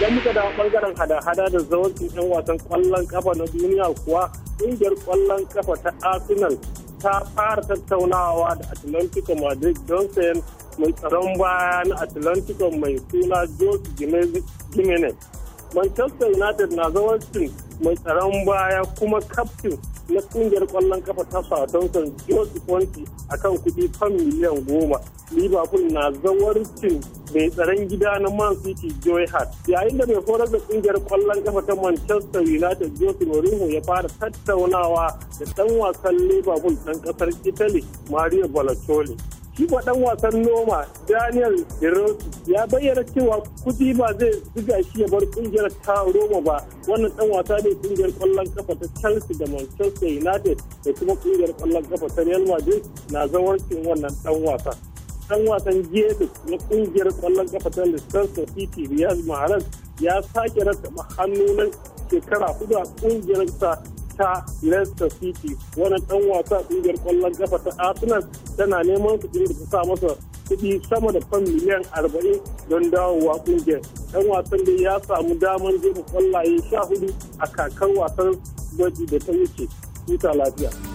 idan muka da bangaren hada-hada da zawancin 'yan wasan kwallon kafa na duniya kuwa ƙungiyar kwallon kafa ta arsenal ta fara tattaunawa da atlantico madrid don sayan mai tsaron baya na atlantico mai suna jose jimenez manchester united na zawancin mai tsaron baya kuma kaftin na ƙungiyar kwallon kafa ta southampton jose ponti akan kuɗi fan miliyan goma liverpool na zawarcin mai tsaron gida na man city joy hart yayin da mai horar da kungiyar kwallon kafa ta manchester united jose mourinho ya fara tattaunawa da dan wasan liverpool dan kasar italy mario balotelli shi ba dan wasan noma daniel Hiroti ya bayyana cewa kudi ba zai zuga shi ya bar kungiyar ta roma ba wannan dan wasa ne kungiyar kwallon kafa ta chelsea da manchester united da kuma kungiyar kwallon kafa ta real madrid na zawarcin wannan dan wasan dan wasan gefe na kungiyar kwallon kafa ta Leicester City Riyad Mahrez ya sake rattaba hannu na shekara hudu a kungiyar ta Leicester City wani dan wasa kungiyar kwallon kafa ta Arsenal tana neman su da ta sa masa kuɗi sama da fan miliyan arba'in don dawowa kungiyar dan wasan da ya samu damar jefa kwallaye sha hudu a kakar wasan gwaji da ta wuce. Huta lafiya.